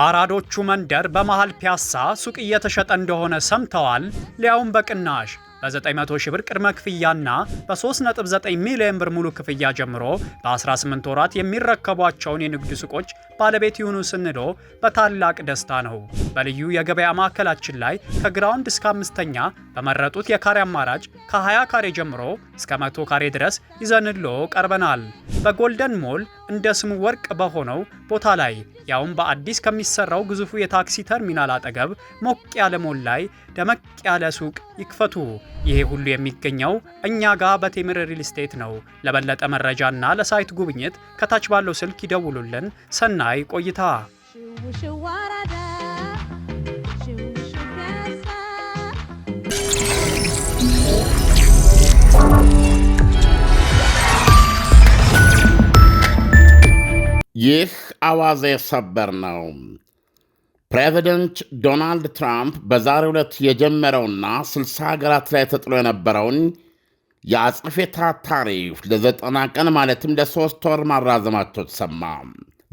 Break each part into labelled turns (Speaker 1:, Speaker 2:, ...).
Speaker 1: ባራዶቹ መንደር በመሃል ፒያሳ ሱቅ እየተሸጠ እንደሆነ ሰምተዋል? ሊያውም በቅናሽ በ900 ሺህ ብር ቅድመ ክፍያና በ3.9 ሚሊዮን ብር ሙሉ ክፍያ ጀምሮ በ18 ወራት የሚረከቧቸውን የንግድ ሱቆች ባለቤት ይሁኑ ስንሎ በታላቅ ደስታ ነው። በልዩ የገበያ ማዕከላችን ላይ ከግራውንድ እስከ አምስተኛ በመረጡት የካሬ አማራጭ ከ20 ካሬ ጀምሮ እስከ 100 ካሬ ድረስ ይዘንሎ ቀርበናል። በጎልደን ሞል እንደ ስሙ ወርቅ በሆነው ቦታ ላይ ያውም በአዲስ ከሚሰራው ግዙፉ የታክሲ ተርሚናል አጠገብ ሞቅ ያለ ሞል ላይ ደመቅ ያለ ሱቅ ይክፈቱ። ይሄ ሁሉ የሚገኘው እኛ ጋር በቴምር ሪል ስቴት ነው። ለበለጠ መረጃና ለሳይት ጉብኝት ከታች ባለው ስልክ ይደውሉልን። ሰናይ ቆይታ
Speaker 2: ይህ አዋዜ ሰበር ነው። ፕሬዚደንት ዶናልድ ትራምፕ በዛሬ ዕለት የጀመረውና 60 ሀገራት ላይ ተጥሎ የነበረውን የአጽፌታ ታሪፍ ለዘጠና ቀን ማለትም ለሦስት ወር ማራዘማቸው ተሰማ።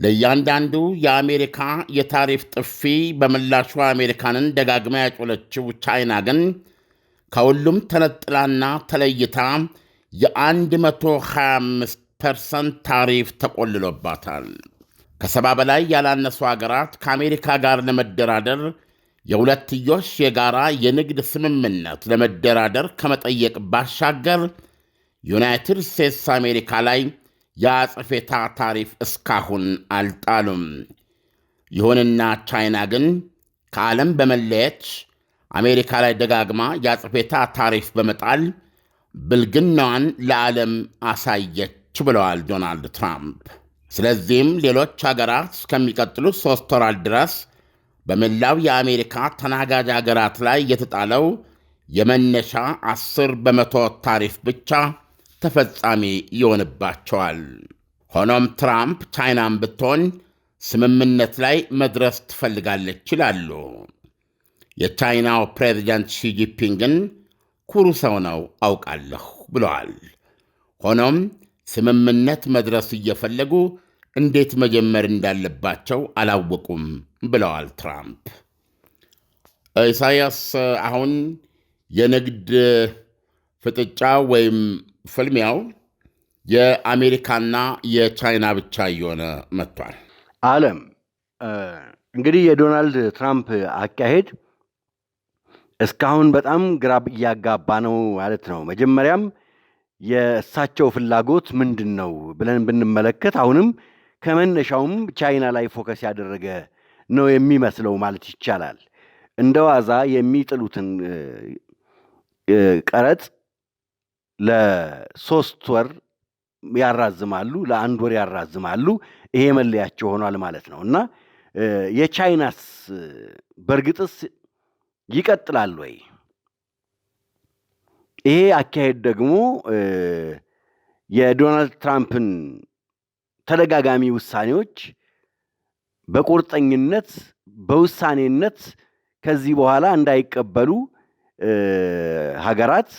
Speaker 2: ለእያንዳንዱ የአሜሪካ የታሪፍ ጥፊ በምላሹ አሜሪካንን ደጋግማ ያጮለችው ቻይና ግን ከሁሉም ተነጥላና ተለይታ የ125 ፐርሰንት ታሪፍ ተቆልሎባታል። ከሰባ በላይ ያላነሱ አገራት ከአሜሪካ ጋር ለመደራደር የሁለትዮሽ የጋራ የንግድ ስምምነት ለመደራደር ከመጠየቅ ባሻገር ዩናይትድ ስቴትስ አሜሪካ ላይ የአጽፌታ ታሪፍ እስካሁን አልጣሉም። ይሁንና ቻይና ግን ከዓለም በመለየች አሜሪካ ላይ ደጋግማ የአጽፌታ ታሪፍ በመጣል ብልግናዋን ለዓለም አሳየች። ብለዋል ዶናልድ ትራምፕ። ስለዚህም ሌሎች ሀገራት እስከሚቀጥሉት ሦስት ወራት ድረስ በመላው የአሜሪካ ተናጋጅ ሀገራት ላይ የተጣለው የመነሻ አስር በመቶ ታሪፍ ብቻ ተፈጻሚ ይሆንባቸዋል። ሆኖም ትራምፕ ቻይናን ብትሆን ስምምነት ላይ መድረስ ትፈልጋለች ይላሉ። የቻይናው ፕሬዚደንት ሺጂፒንግን ኩሩ ሰው ነው አውቃለሁ ብለዋል። ሆኖም ስምምነት መድረስ እየፈለጉ እንዴት መጀመር እንዳለባቸው አላወቁም ብለዋል ትራምፕ። ኢሳያስ አሁን የንግድ ፍጥጫ ወይም ፍልሚያው የአሜሪካና የቻይና ብቻ እየሆነ መጥቷል።
Speaker 3: አለም እንግዲህ የዶናልድ ትራምፕ አካሄድ እስካሁን በጣም ግራ እያጋባ ነው ማለት ነው። መጀመሪያም የእሳቸው ፍላጎት ምንድን ነው ብለን ብንመለከት አሁንም ከመነሻውም ቻይና ላይ ፎከስ ያደረገ ነው የሚመስለው ማለት ይቻላል። እንደ ዋዛ የሚጥሉትን ቀረጥ ለሶስት ወር ያራዝማሉ፣ ለአንድ ወር ያራዝማሉ። ይሄ መለያቸው ሆኗል ማለት ነው እና የቻይናስ በእርግጥስ ይቀጥላል ወይ? ይሄ አካሄድ ደግሞ የዶናልድ ትራምፕን ተደጋጋሚ ውሳኔዎች በቁርጠኝነት በውሳኔነት ከዚህ በኋላ እንዳይቀበሉ ሀገራት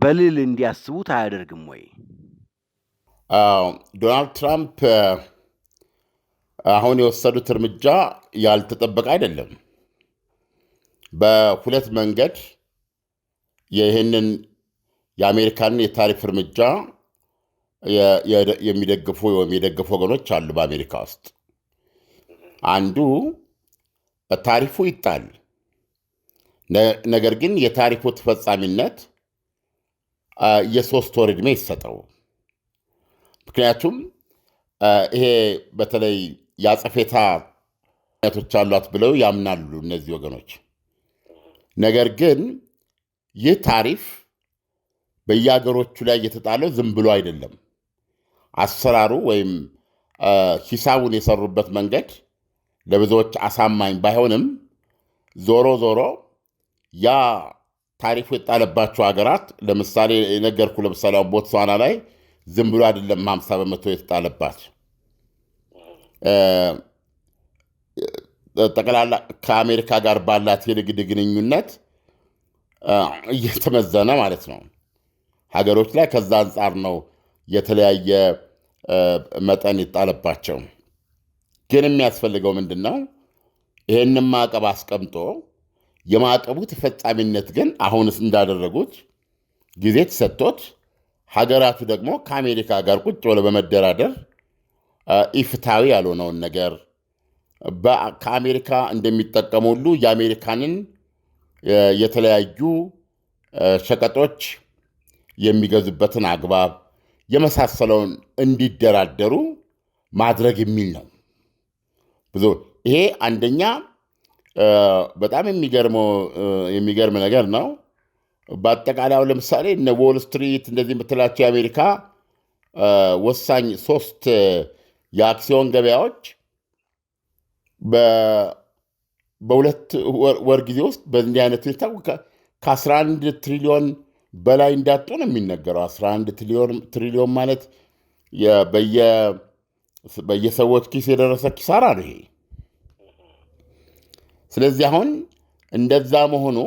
Speaker 3: በልል እንዲያስቡት አያደርግም ወይ?
Speaker 2: ዶናልድ ትራምፕ አሁን የወሰዱት እርምጃ ያልተጠበቀ አይደለም። በሁለት መንገድ ይህንን የአሜሪካንን የታሪፍ እርምጃ የሚደግፉ ወይም የደገፉ ወገኖች አሉ በአሜሪካ ውስጥ። አንዱ ታሪፉ ይጣል፣ ነገር ግን የታሪፉ ተፈጻሚነት የሶስት ወር ዕድሜ ይሰጠው። ምክንያቱም ይሄ በተለይ የአጸፌታ ነቶች አሏት ብለው ያምናሉ እነዚህ ወገኖች ነገር ግን ይህ ታሪፍ በየሀገሮቹ ላይ እየተጣለ ዝም ብሎ አይደለም። አሰራሩ ወይም ሂሳቡን የሰሩበት መንገድ ለብዙዎች አሳማኝ ባይሆንም ዞሮ ዞሮ ያ ታሪፉ የጣለባቸው ሀገራት ለምሳሌ የነገርኩ ለምሳሌ ቦትስዋና ላይ ዝም ብሎ አይደለም ሀምሳ በመቶ የተጣለባት ጠቅላላ ከአሜሪካ ጋር ባላት የንግድ ግንኙነት እየተመዘነ ማለት ነው ሀገሮች ላይ ከዛ አንጻር ነው የተለያየ መጠን ይጣለባቸው። ግን የሚያስፈልገው ምንድን ነው? ይህንን ማዕቀብ አስቀምጦ የማዕቀቡ ተፈጻሚነት ግን አሁንስ እንዳደረጉት ጊዜ ተሰጥቶት ሀገራቱ ደግሞ ከአሜሪካ ጋር ቁጭ ብለው በመደራደር ኢፍታዊ ያልሆነውን ነገር ከአሜሪካ እንደሚጠቀሙ ሁሉ የአሜሪካንን የተለያዩ ሸቀጦች የሚገዙበትን አግባብ የመሳሰለውን እንዲደራደሩ ማድረግ የሚል ነው። ብዙ ይሄ አንደኛ በጣም የሚገርም ነገር ነው። በአጠቃላይ ለምሳሌ እነ ዎል ስትሪት እንደዚህ የምትላቸው የአሜሪካ ወሳኝ ሶስት የአክሲዮን ገበያዎች በሁለት ወር ጊዜ ውስጥ በእንዲህ አይነት ሁኔታ ከ11 ትሪሊዮን በላይ እንዳጡ ነው የሚነገረው። 11 ትሪሊዮን ማለት በየሰዎች ኪስ የደረሰ ኪሳራ ነው ይሄ። ስለዚህ አሁን እንደዛ መሆኑ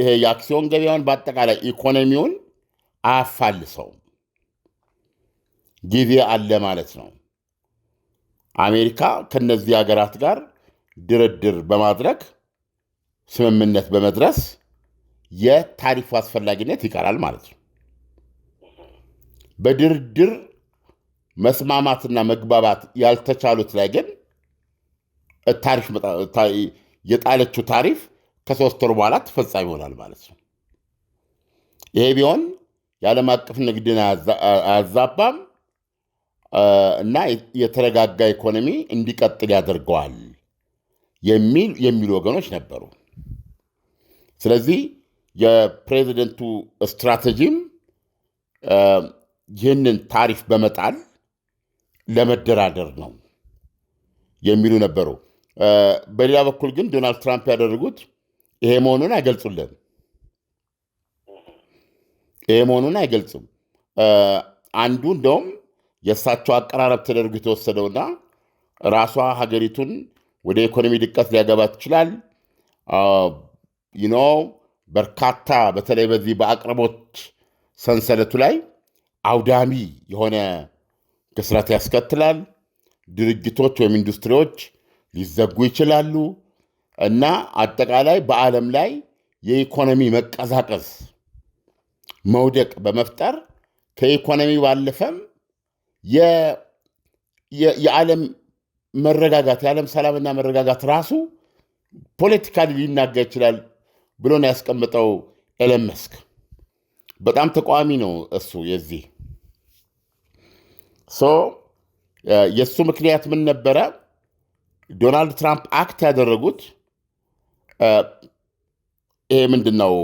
Speaker 2: ይሄ የአክሲዮን ገበያውን በአጠቃላይ ኢኮኖሚውን አያፋልሰውም፣ ጊዜ አለ ማለት ነው። አሜሪካ ከነዚህ ሀገራት ጋር ድርድር በማድረግ ስምምነት በመድረስ የታሪፉ አስፈላጊነት ይቀራል ማለት ነው። በድርድር መስማማትና መግባባት ያልተቻሉት ላይ ግን ታሪፍ የጣለችው ታሪፍ ከሶስት ወር በኋላ ተፈጻሚ ይሆናል ማለት ነው። ይሄ ቢሆን የዓለም አቀፍ ንግድን አያዛባም። እና የተረጋጋ ኢኮኖሚ እንዲቀጥል ያደርገዋል የሚል የሚሉ ወገኖች ነበሩ። ስለዚህ የፕሬዚደንቱ ስትራቴጂም ይህንን ታሪፍ በመጣል ለመደራደር ነው የሚሉ ነበሩ። በሌላ በኩል ግን ዶናልድ ትራምፕ ያደረጉት ይሄ መሆኑን አይገልጹልን። ይሄ መሆኑን አይገልጹም። አንዱ እንደውም የእሳቸው አቀራረብ ተደርጎ የተወሰደውና ራሷ ሀገሪቱን ወደ ኢኮኖሚ ድቀት ሊያገባ ትችላል ይኖ በርካታ በተለይ በዚህ በአቅርቦት ሰንሰለቱ ላይ አውዳሚ የሆነ ክስረት ያስከትላል። ድርጅቶች ወይም ኢንዱስትሪዎች ሊዘጉ ይችላሉ እና አጠቃላይ በዓለም ላይ የኢኮኖሚ መቀዛቀዝ መውደቅ በመፍጠር ከኢኮኖሚ ባለፈም የዓለም መረጋጋት የዓለም ሰላምና መረጋጋት ራሱ ፖለቲካሊ ሊናጋ ይችላል ብሎ ነው ያስቀምጠው ኤለን መስክ። በጣም ተቃዋሚ ነው እሱ የዚህ የእሱ ምክንያት ምን ነበረ? ዶናልድ ትራምፕ አክት ያደረጉት ይሄ ምንድን ነው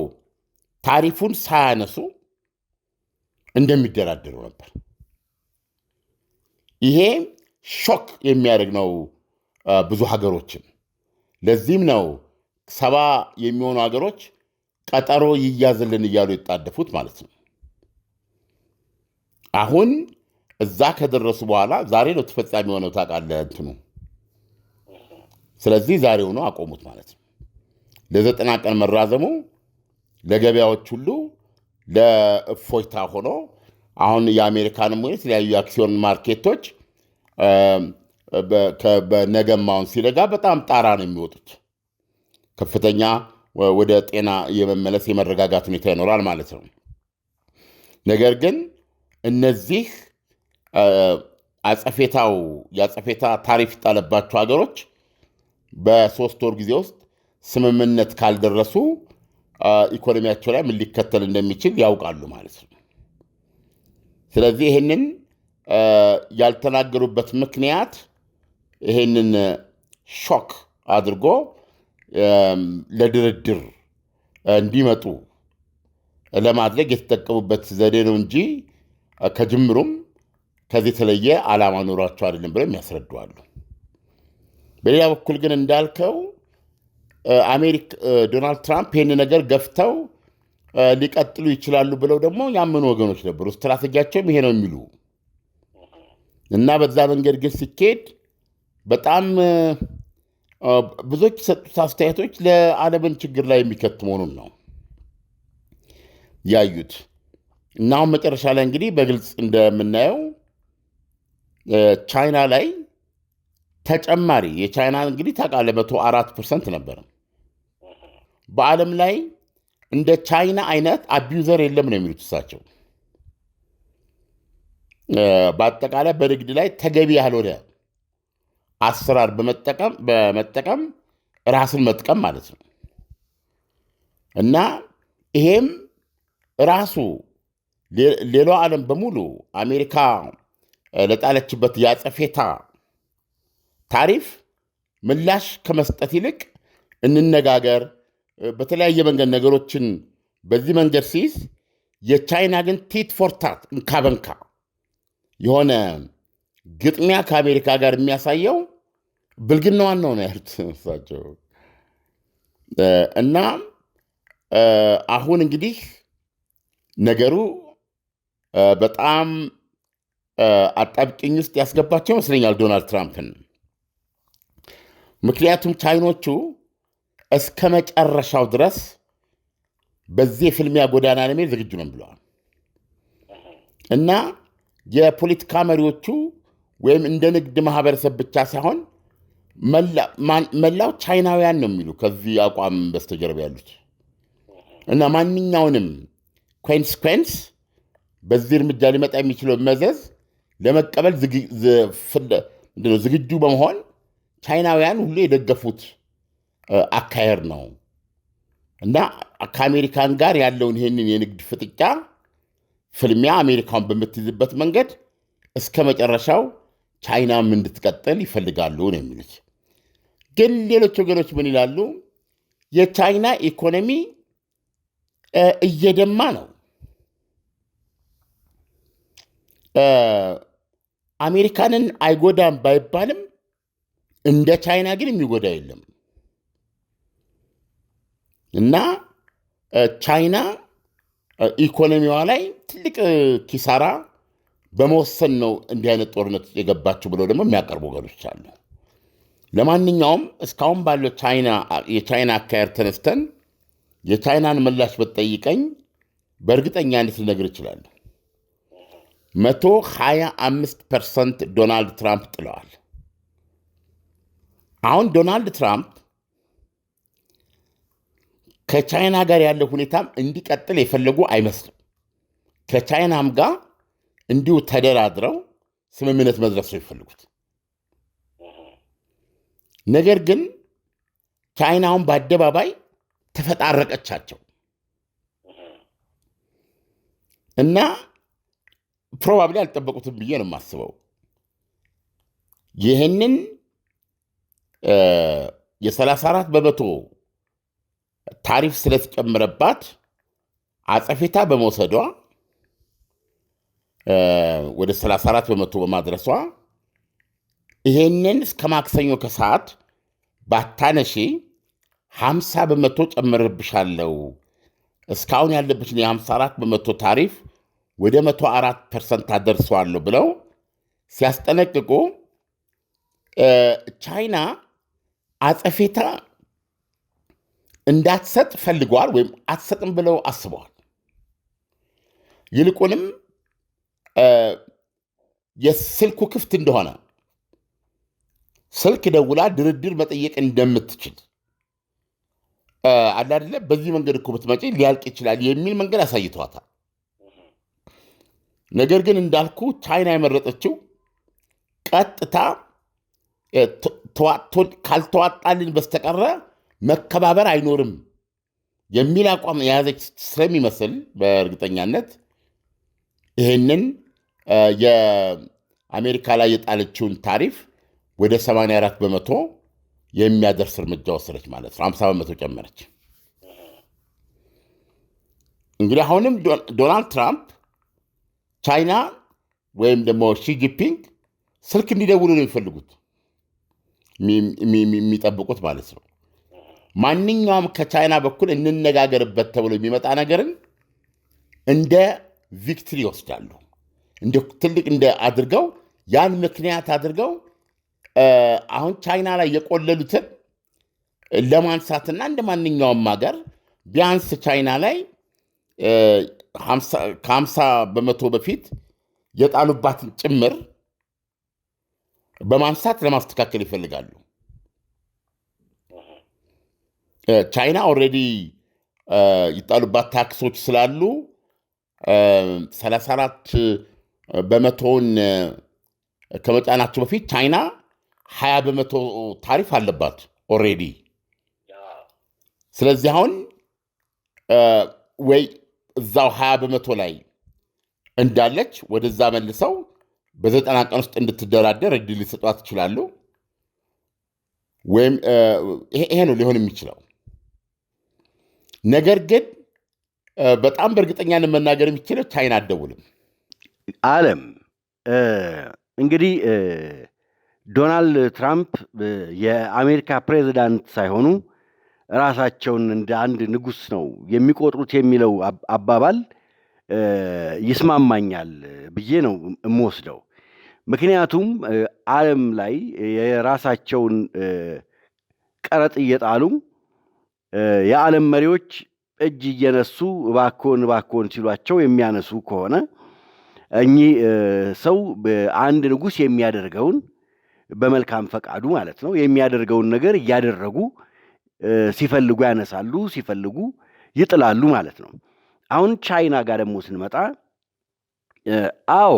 Speaker 2: ታሪፉን ሳያነሱ እንደሚደራደሩ ነበር። ይሄ ሾክ የሚያደርግ ነው ብዙ ሀገሮችን። ለዚህም ነው ሰባ የሚሆኑ ሀገሮች ቀጠሮ ይያዝልን እያሉ የጣደፉት ማለት ነው። አሁን እዛ ከደረሱ በኋላ ዛሬ ነው ተፈጻሚ የሆነው ታውቃለህ፣ እንትኑ ስለዚህ ዛሬ ሆኖ አቆሙት ማለት ነው። ለዘጠና ቀን መራዘሙ ለገበያዎች ሁሉ ለእፎይታ ሆኖ አሁን የአሜሪካንም ሆነ የተለያዩ የአክሲዮን ማርኬቶች በነገማውን ሲለጋ በጣም ጣራ ነው የሚወጡት። ከፍተኛ ወደ ጤና የመመለስ የመረጋጋት ሁኔታ ይኖራል ማለት ነው። ነገር ግን እነዚህ አጸፌታው የአጸፌታ ታሪፍ ይጣለባቸው ሀገሮች በሶስት ወር ጊዜ ውስጥ ስምምነት ካልደረሱ ኢኮኖሚያቸው ላይ ምን ሊከተል እንደሚችል ያውቃሉ ማለት ነው። ስለዚህ ይህንን ያልተናገሩበት ምክንያት ይህንን ሾክ አድርጎ ለድርድር እንዲመጡ ለማድረግ የተጠቀሙበት ዘዴ ነው እንጂ ከጅምሩም ከዚህ የተለየ ዓላማ ኖሯቸው አይደለም ብለው ያስረዱዋሉ። በሌላ በኩል ግን እንዳልከው ዶናልድ ትራምፕ ይህን ነገር ገፍተው ሊቀጥሉ ይችላሉ ብለው ደግሞ ያመኑ ወገኖች ነበሩ። ስትራቴጂያቸውም ይሄ ነው የሚሉ እና በዛ መንገድ ግን ሲኬድ በጣም ብዙዎች የሰጡት አስተያየቶች ለዓለምን ችግር ላይ የሚከት መሆኑን ነው ያዩት እና አሁን መጨረሻ ላይ እንግዲህ በግልጽ እንደምናየው ቻይና ላይ ተጨማሪ የቻይና እንግዲህ ታውቃለህ መቶ አራት ፐርሰንት ነበር በዓለም ላይ እንደ ቻይና አይነት አቢዩዘር የለም ነው የሚሉት እሳቸው። በአጠቃላይ በንግድ ላይ ተገቢ ያልሆነ አሰራር በመጠቀም ራስን መጥቀም ማለት ነው እና ይሄም ራሱ ሌላው ዓለም በሙሉ አሜሪካ ለጣለችበት ያጸፌታ ታሪፍ ምላሽ ከመስጠት ይልቅ እንነጋገር በተለያየ መንገድ ነገሮችን በዚህ መንገድ ሲይዝ የቻይና ግን ቲት ፎርታት እንካ በንካ የሆነ ግጥሚያ ከአሜሪካ ጋር የሚያሳየው ብልግናዋን ነው ነው ያሉት እሳቸው። እና አሁን እንግዲህ ነገሩ በጣም አጣብቂኝ ውስጥ ያስገባቸው ይመስለኛል ዶናልድ ትራምፕን። ምክንያቱም ቻይኖቹ እስከ መጨረሻው ድረስ በዚህ የፍልሚያ ጎዳና ለመሄድ ዝግጁ ነን ብለዋል እና የፖለቲካ መሪዎቹ ወይም እንደ ንግድ ማህበረሰብ ብቻ ሳይሆን መላው ቻይናውያን ነው የሚሉ ከዚህ አቋም በስተጀርባ ያሉት እና ማንኛውንም ኮንስኮንስ በዚህ እርምጃ ሊመጣ የሚችለው መዘዝ ለመቀበል ዝግጁ በመሆን ቻይናውያን ሁሉ የደገፉት አካሄድ ነው እና ከአሜሪካን ጋር ያለውን ይህንን የንግድ ፍጥጫ ፍልሚያ አሜሪካን በምትይዝበት መንገድ እስከ መጨረሻው ቻይናም እንድትቀጥል ይፈልጋሉ ነው የሚሉት። ግን ሌሎች ወገኖች ምን ይላሉ? የቻይና ኢኮኖሚ እየደማ ነው። አሜሪካንን አይጎዳም ባይባልም እንደ ቻይና ግን የሚጎዳ የለም። እና ቻይና ኢኮኖሚዋ ላይ ትልቅ ኪሳራ በመወሰን ነው እንዲህ አይነት ጦርነት የገባችው ብለው ደግሞ የሚያቀርቡ ወገኖች አሉ። ለማንኛውም እስካሁን ባለው የቻይና አካሄድ ተነስተን የቻይናን ምላሽ ብትጠይቀኝ በእርግጠኛነት ልነግር እችላለሁ። መቶ ሃያ አምስት ፐርሰንት ዶናልድ ትራምፕ ጥለዋል። አሁን ዶናልድ ትራምፕ ከቻይና ጋር ያለ ሁኔታም እንዲቀጥል የፈለጉ አይመስልም። ከቻይናም ጋር እንዲሁ ተደራድረው ስምምነት መድረስ ነው የሚፈልጉት። ነገር ግን ቻይናውን በአደባባይ ተፈጣረቀቻቸው እና ፕሮባብሊ አልጠበቁትም ብዬ ነው የማስበው። ይህንን የ34 በመቶ ታሪፍ ስለተጨመረባት አጸፌታ በመውሰዷ ወደ 34 በመቶ በማድረሷ ይሄንን እስከ ማክሰኞ ከሰዓት ባታነሺ 50 በመቶ ጨምርብሻለው እስካሁን ያለብሽን የ54 በመቶ ታሪፍ ወደ 104 ፐርሰንት አደርሰዋለሁ ብለው ሲያስጠነቅቁ ቻይና አጸፌታ እንዳትሰጥ ፈልገዋል ወይም አትሰጥም ብለው አስበዋል። ይልቁንም የስልኩ ክፍት እንደሆነ ስልክ ደውላ ድርድር መጠየቅ እንደምትችል አላደለ በዚህ መንገድ እኮ ብትመጪ ሊያልቅ ይችላል የሚል መንገድ አሳይተዋታል። ነገር ግን እንዳልኩ ቻይና የመረጠችው ቀጥታ ካልተዋጣልን በስተቀረ መከባበር አይኖርም የሚል አቋም የያዘች ስለሚመስል በእርግጠኛነት ይህንን የአሜሪካ ላይ የጣለችውን ታሪፍ ወደ 84 በመቶ የሚያደርስ እርምጃ ወሰደች ማለት ነው። 50 በመቶ ጨመረች። እንግዲህ አሁንም ዶናልድ ትራምፕ ቻይና ወይም ደግሞ ሺጂፒንግ ስልክ እንዲደውሉ ነው የሚፈልጉት የሚጠብቁት ማለት ነው። ማንኛውም ከቻይና በኩል እንነጋገርበት ተብሎ የሚመጣ ነገርን እንደ ቪክትሪ ይወስዳሉ። እንደ ትልቅ እንደ አድርገው ያን ምክንያት አድርገው አሁን ቻይና ላይ የቆለሉትን ለማንሳትና እንደ ማንኛውም ሀገር ቢያንስ ቻይና ላይ ከሀምሳ በመቶ በፊት የጣሉባትን ጭምር በማንሳት ለማስተካከል ይፈልጋሉ። ቻይና ኦልሬዲ ይጣሉባት ታክሶች ስላሉ 34 በመቶውን ከመጫናቸው በፊት ቻይና 20 በመቶ ታሪፍ አለባት ኦልሬዲ። ስለዚህ አሁን ወይ እዛው 20 በመቶ ላይ እንዳለች ወደዛ መልሰው በዘጠና ቀን ውስጥ እንድትደራደር እድል ሊሰጧት ይችላሉ። ወይም ይሄ ነው ሊሆን የሚችለው። ነገር ግን በጣም በእርግጠኛ መናገር የሚችለው ቻይና አደውልም
Speaker 3: አለም። እንግዲህ ዶናልድ ትራምፕ የአሜሪካ ፕሬዚዳንት ሳይሆኑ ራሳቸውን እንደ አንድ ንጉሥ ነው የሚቆጥሩት የሚለው አባባል ይስማማኛል ብዬ ነው የምወስደው። ምክንያቱም አለም ላይ የራሳቸውን ቀረጥ እየጣሉ የዓለም መሪዎች እጅ እየነሱ እባኮን እባኮን ሲሏቸው የሚያነሱ ከሆነ እኚህ ሰው አንድ ንጉሥ የሚያደርገውን በመልካም ፈቃዱ ማለት ነው የሚያደርገውን ነገር እያደረጉ ሲፈልጉ ያነሳሉ፣ ሲፈልጉ ይጥላሉ ማለት ነው። አሁን ቻይና ጋር ደግሞ ስንመጣ አዎ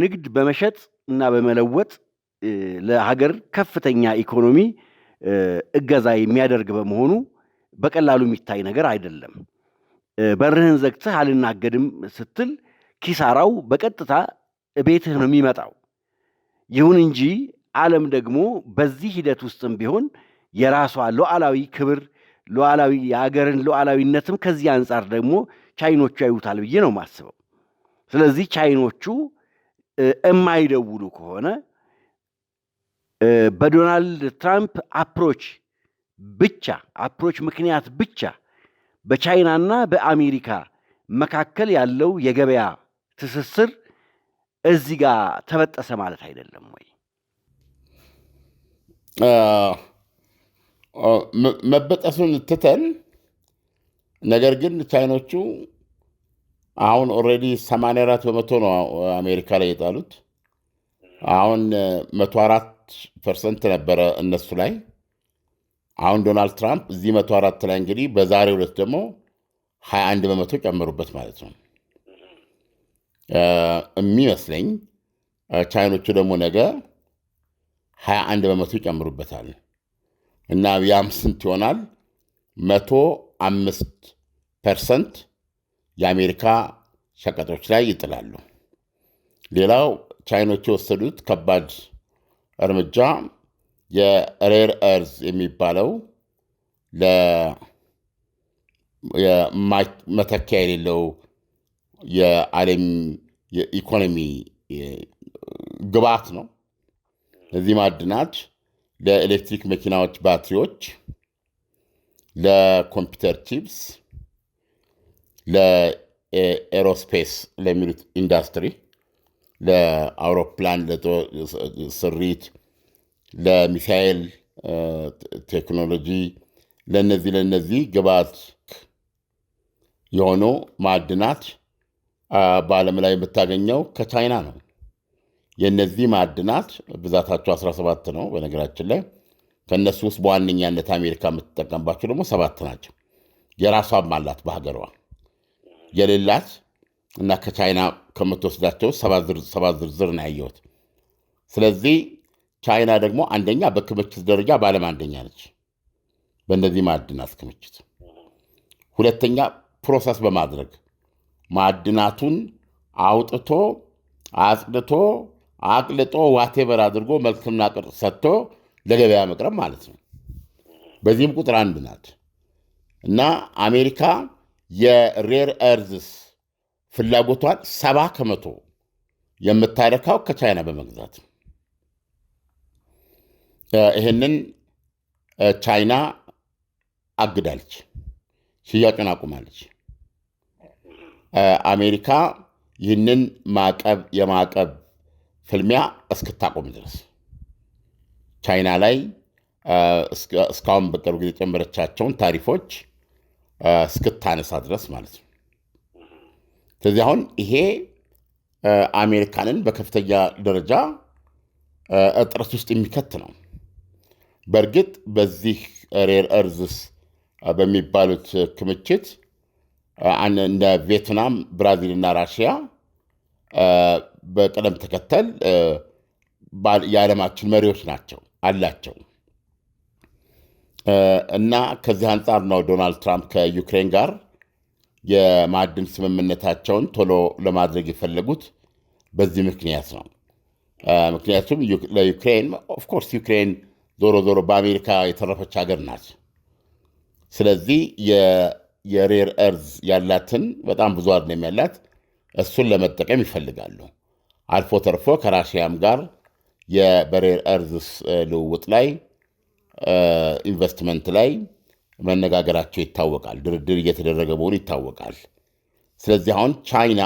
Speaker 3: ንግድ በመሸጥ እና በመለወጥ ለሀገር ከፍተኛ ኢኮኖሚ እገዛ የሚያደርግ በመሆኑ በቀላሉ የሚታይ ነገር አይደለም። በርህን ዘግተህ አልናገድም ስትል ኪሳራው በቀጥታ ቤትህ ነው የሚመጣው። ይሁን እንጂ ዓለም ደግሞ በዚህ ሂደት ውስጥም ቢሆን የራሷ ሉዓላዊ ክብር ሉዓላዊ የአገርን ሉዓላዊነትም ከዚህ አንጻር ደግሞ ቻይኖቹ ያዩታል ብዬ ነው የማስበው። ስለዚህ ቻይኖቹ የማይደውሉ ከሆነ በዶናልድ ትራምፕ አፕሮች ብቻ አፕሮች ምክንያት ብቻ በቻይናና በአሜሪካ መካከል ያለው የገበያ ትስስር እዚህ ጋር ተበጠሰ ማለት አይደለም ወይ?
Speaker 2: መበጠሱን ትተን ነገር ግን ቻይኖቹ አሁን ኦልሬዲ 84 በመቶ ነው አሜሪካ ላይ የጣሉት። አሁን 104 ፐርሰንት ነበረ እነሱ ላይ አሁን ዶናልድ ትራምፕ እዚህ መቶ አራት ላይ እንግዲህ በዛሬው ዕለት ደግሞ 21 በመቶ ጨመሩበት ማለት ነው የሚመስለኝ። ቻይኖቹ ደግሞ ነገ 21 በመቶ ይጨምሩበታል እና ያም ስንት ይሆናል? መቶ አምስት ፐርሰንት የአሜሪካ ሸቀጦች ላይ ይጥላሉ። ሌላው ቻይኖቹ የወሰዱት ከባድ እርምጃ የሬር ኤርዝ የሚባለው መተኪያ የሌለው የዓለም የኢኮኖሚ ግብዓት ነው። እነዚህ ማዕድናት ለኤሌክትሪክ መኪናዎች ባትሪዎች፣ ለኮምፒውተር ቺፕስ፣ ለኤሮስፔስ ለሚሉት ኢንዱስትሪ፣ ለአውሮፕላን ስሪት ለሚሳኤል ቴክኖሎጂ ለነዚህ ለነዚህ ግብዓት የሆኑ ማዕድናት በዓለም ላይ የምታገኘው ከቻይና ነው። የነዚህ ማዕድናት ብዛታቸው 17 ነው። በነገራችን ላይ ከእነሱ ውስጥ በዋነኛነት አሜሪካ የምትጠቀምባቸው ደግሞ ሰባት ናቸው። የራሷም አላት በሀገሯ የሌላት እና ከቻይና ከምትወስዳቸው ሰባት ዝርዝር ነው ያየሁት። ስለዚህ ቻይና ደግሞ አንደኛ በክምችት ደረጃ በዓለም አንደኛ ነች፣ በእነዚህ ማዕድናት ክምችት። ሁለተኛ ፕሮሰስ በማድረግ ማዕድናቱን አውጥቶ አጽድቶ አቅልጦ ዋቴቨር አድርጎ መልክና ቅርጽ ሰጥቶ ለገበያ መቅረብ ማለት ነው። በዚህም ቁጥር አንድ ናት እና አሜሪካ የሬር ኤርዝስ ፍላጎቷን ሰባ ከመቶ የምታረካው ከቻይና በመግዛት ነው። ይህንን ቻይና አግዳለች፣ ሽያጩን አቁማለች። አሜሪካ ይህንን ማዕቀብ የማዕቀብ ፍልሚያ እስክታቆም ድረስ ቻይና ላይ እስካሁን በቅርብ ጊዜ የጨመረቻቸውን ታሪፎች እስክታነሳ ድረስ ማለት ነው። ስለዚህ አሁን ይሄ አሜሪካንን በከፍተኛ ደረጃ እጥረት ውስጥ የሚከት ነው። በእርግጥ በዚህ ሬር እርዝስ በሚባሉት ክምችት እንደ ቪየትናም፣ ብራዚል እና ራሽያ በቅደም ተከተል የዓለማችን መሪዎች ናቸው አላቸው እና ከዚህ አንጻር ነው ዶናልድ ትራምፕ ከዩክሬን ጋር የማዕድን ስምምነታቸውን ቶሎ ለማድረግ የፈለጉት በዚህ ምክንያት ነው። ምክንያቱም ለዩክሬን ኦፍኮርስ ዩክሬን ዞሮ ዞሮ በአሜሪካ የተረፈች ሀገር ናት። ስለዚህ የሬር እርዝ ያላትን በጣም ብዙ አይደለም ያላት እሱን ለመጠቀም ይፈልጋሉ። አልፎ ተርፎ ከራሽያም ጋር በሬር እርዝ ልውውጥ ላይ ኢንቨስትመንት ላይ መነጋገራቸው ይታወቃል። ድርድር እየተደረገ መሆኑ ይታወቃል። ስለዚህ አሁን ቻይና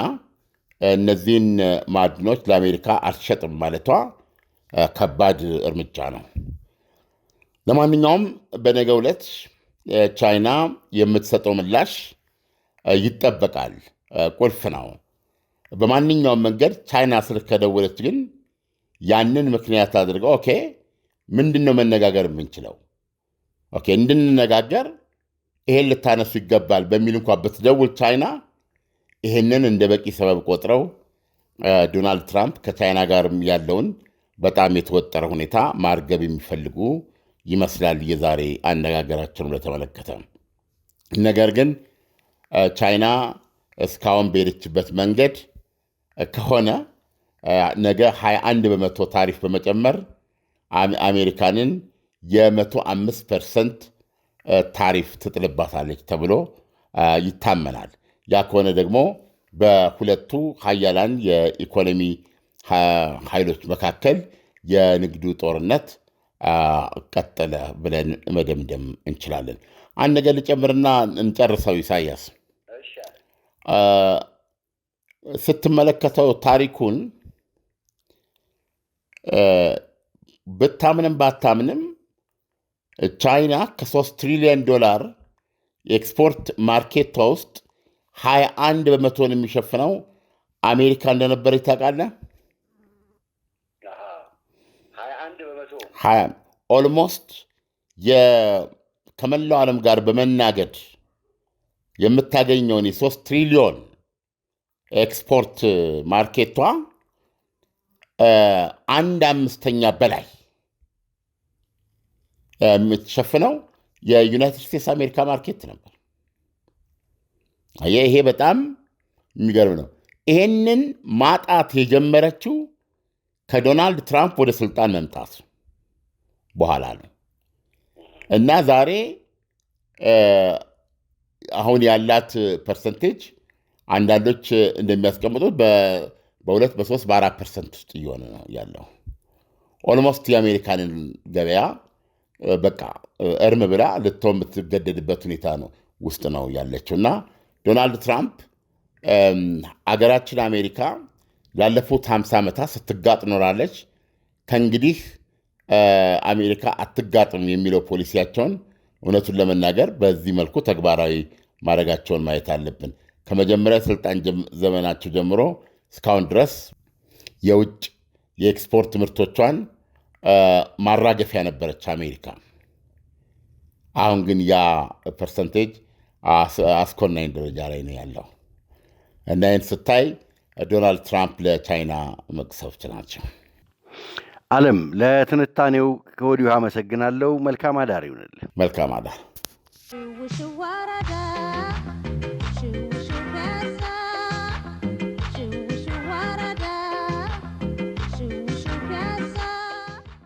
Speaker 2: እነዚህን ማዕድኖች ለአሜሪካ አልሸጥም ማለቷ ከባድ እርምጃ ነው። ለማንኛውም በነገ ዕለት ቻይና የምትሰጠው ምላሽ ይጠበቃል። ቁልፍ ነው። በማንኛውም መንገድ ቻይና ስልክ ከደወለች ግን ያንን ምክንያት አድርገው ኦኬ፣ ምንድን ነው መነጋገር የምንችለው? ኦኬ እንድንነጋገር ይሄን ልታነሱ ይገባል በሚል እንኳ ብትደውል ቻይና ይሄንን እንደ በቂ ሰበብ ቆጥረው ዶናልድ ትራምፕ ከቻይና ጋርም ያለውን በጣም የተወጠረ ሁኔታ ማርገብ የሚፈልጉ ይመስላል የዛሬ አነጋገራቸውን በተመለከተ። ነገር ግን ቻይና እስካሁን በሄደችበት መንገድ ከሆነ ነገ 21 በመቶ ታሪፍ በመጨመር አሜሪካንን የ105 ፐርሰንት ታሪፍ ትጥልባታለች ተብሎ ይታመናል። ያ ከሆነ ደግሞ በሁለቱ ሀያላን የኢኮኖሚ ኃይሎች መካከል የንግዱ ጦርነት ቀጠለ ብለን መደምደም እንችላለን። አንድ ነገር ልጨምርና እንጨርሰው። ኢሳያስ ስትመለከተው ታሪኩን ብታምንም ባታምንም ቻይና ከሶስት ትሪሊዮን ዶላር የኤክስፖርት ማርኬቷ ውስጥ 21 በመቶን የሚሸፍነው አሜሪካ እንደነበረ ይታወቃል። ኦልሞስት ከመላው ዓለም ጋር በመናገድ የምታገኘውን የሶስት ትሪሊዮን ኤክስፖርት ማርኬቷ አንድ አምስተኛ በላይ የምትሸፍነው የዩናይትድ ስቴትስ አሜሪካ ማርኬት ነበር። ይሄ በጣም የሚገርም ነው። ይሄንን ማጣት የጀመረችው ከዶናልድ ትራምፕ ወደ ስልጣን መምጣት በኋላ ነው እና ዛሬ አሁን ያላት ፐርሰንቴጅ አንዳንዶች እንደሚያስቀምጡት በሁለት በሶስት በአራት ፐርሰንት ውስጥ እየሆነ ነው ያለው። ኦልሞስት የአሜሪካንን ገበያ በቃ እርም ብላ ልትሆን የምትገደድበት ሁኔታ ነው ውስጥ ነው ያለችው እና ዶናልድ ትራምፕ አገራችን አሜሪካ ላለፉት 50 ዓመታት ስትጋጥ ኖራለች ከእንግዲህ አሜሪካ አትጋጥም የሚለው ፖሊሲያቸውን እውነቱን ለመናገር በዚህ መልኩ ተግባራዊ ማድረጋቸውን ማየት አለብን። ከመጀመሪያ ስልጣን ዘመናቸው ጀምሮ እስካሁን ድረስ የውጭ የኤክስፖርት ምርቶቿን ማራገፊያ ነበረች አሜሪካ። አሁን ግን ያ ፐርሰንቴጅ አስኮናኝ ደረጃ ላይ ነው ያለው እና ይህን ስታይ ዶናልድ ትራምፕ ለቻይና መቅሰፍች ናቸው።
Speaker 3: አለም ለትንታኔው ከወዲሁ አመሰግናለሁ። መልካም አዳር ይሁንል።
Speaker 2: መልካም አዳር።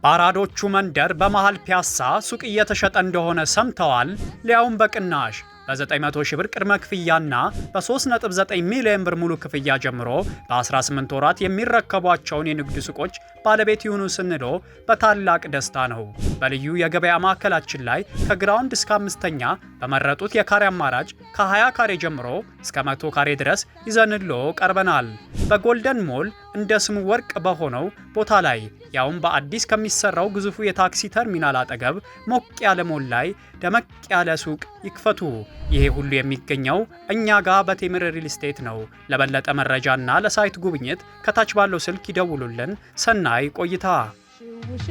Speaker 1: ባራዶቹ መንደር በመሃል ፒያሳ ሱቅ እየተሸጠ እንደሆነ ሰምተዋል? ሊያውም በቅናሽ በ900 ሺህ ብር ቅድመ ክፍያና በ3.9 ሚሊዮን ብር ሙሉ ክፍያ ጀምሮ በ18 ወራት የሚረከቧቸውን የንግድ ሱቆች ባለቤት ይሁኑ ስንሎ በታላቅ ደስታ ነው። በልዩ የገበያ ማዕከላችን ላይ ከግራውንድ እስከ አምስተኛ በመረጡት የካሬ አማራጭ ከ20 ካሬ ጀምሮ እስከ መቶ ካሬ ድረስ ይዘንሎ ቀርበናል። በጎልደን ሞል እንደ ስሙ ወርቅ በሆነው ቦታ ላይ ያውም በአዲስ ከሚሰራው ግዙፉ የታክሲ ተርሚናል አጠገብ ሞቅ ያለ ሞል ላይ ደመቅ ያለ ሱቅ ይክፈቱ። ይሄ ሁሉ የሚገኘው እኛ ጋር በቴምር ሪል ስቴት ነው። ለበለጠ መረጃና ለሳይት ጉብኝት ከታች ባለው ስልክ ይደውሉልን። ሰና ተከታታይ ቆይታ